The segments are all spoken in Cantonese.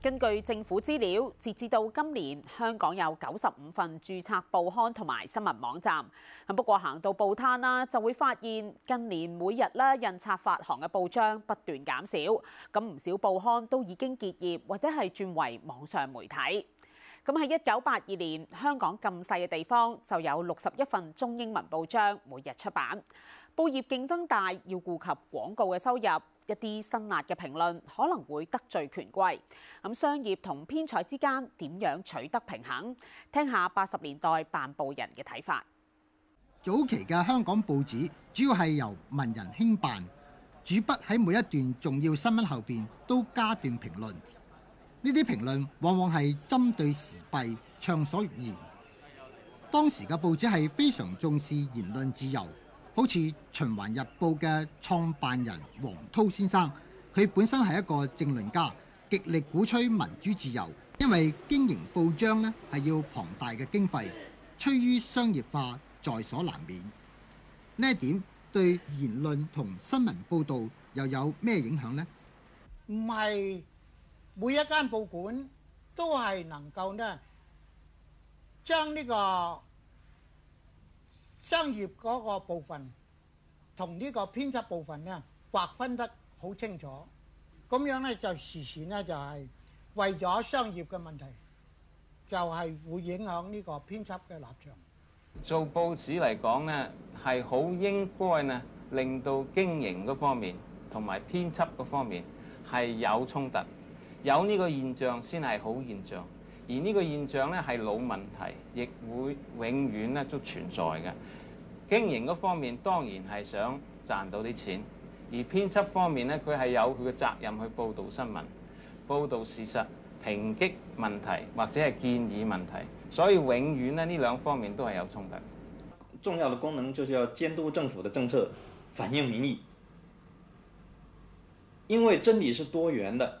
根據政府資料，截至到今年，香港有九十五份註冊報刊同埋新聞網站。咁不過行到報攤啦，就會發現近年每日啦印刷發行嘅報章不斷減少，咁唔少報刊都已經結業，或者係轉為網上媒體。咁喺一九八二年，香港咁細嘅地方就有六十一份中英文報章每日出版。報業競爭大，要顧及廣告嘅收入，一啲辛辣嘅評論可能會得罪權貴。咁商業同編採之間點樣取得平衡？聽下八十年代辦報人嘅睇法。早期嘅香港報紙主要係由文人興辦，主筆喺每一段重要新聞後邊都加段評論。呢啲評論往往係針對時弊，暢所欲言。當時嘅報紙係非常重視言論自由，好似《循環日報》嘅創辦人王韜先生，佢本身係一個政論家，極力鼓吹民主自由。因為經營報章呢係要龐大嘅經費，趨於商業化在所難免。呢一點對言論同新聞報導又有咩影響呢？唔係。每一間報館都係能夠呢，將呢個商業嗰個部分同呢個編輯部分呢劃分得好清楚。咁樣呢就時時呢就係為咗商業嘅問題，就係會影響呢個編輯嘅立場。做報紙嚟講呢，係好應該呢，令到經營嗰方面同埋編輯嗰方面係有衝突。有呢個現象先係好現象，而呢個現象咧係老問題，亦會永遠咧都存在嘅。經營嗰方面當然係想賺到啲錢，而編輯方面咧佢係有佢嘅責任去報導新聞、報導事實、評擊問題或者係建議問題，所以永遠呢兩方面都係有衝突。重要的功能就是要監督政府的政策，反映民意，因為真理是多元的。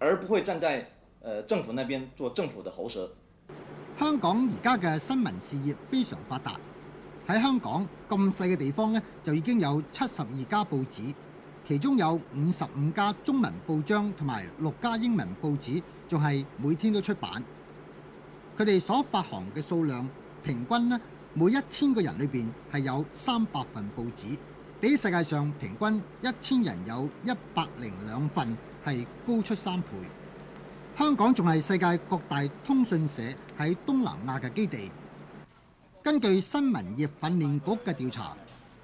而不會站在，呃，政府那邊做政府的喉舌。香港而家嘅新聞事業非常發達，喺香港咁細嘅地方呢，就已經有七十二家報紙，其中有五十五家中文報章同埋六家英文報紙，仲係每天都出版。佢哋所發行嘅數量平均呢，每一千個人裏面係有三百份報紙。比世界上平均一千人有一百零兩份，係高出三倍。香港仲係世界各大通訊社喺東南亞嘅基地。根據新聞業訓練局嘅調查，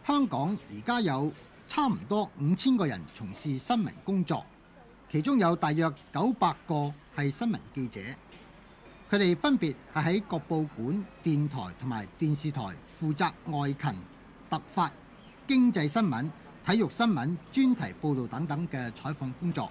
香港而家有差唔多五千個人從事新聞工作，其中有大約九百個係新聞記者。佢哋分別係喺各報館、電台同埋電視台負責外勤、突發。經濟新聞、體育新聞、專題報導等等嘅採訪工作。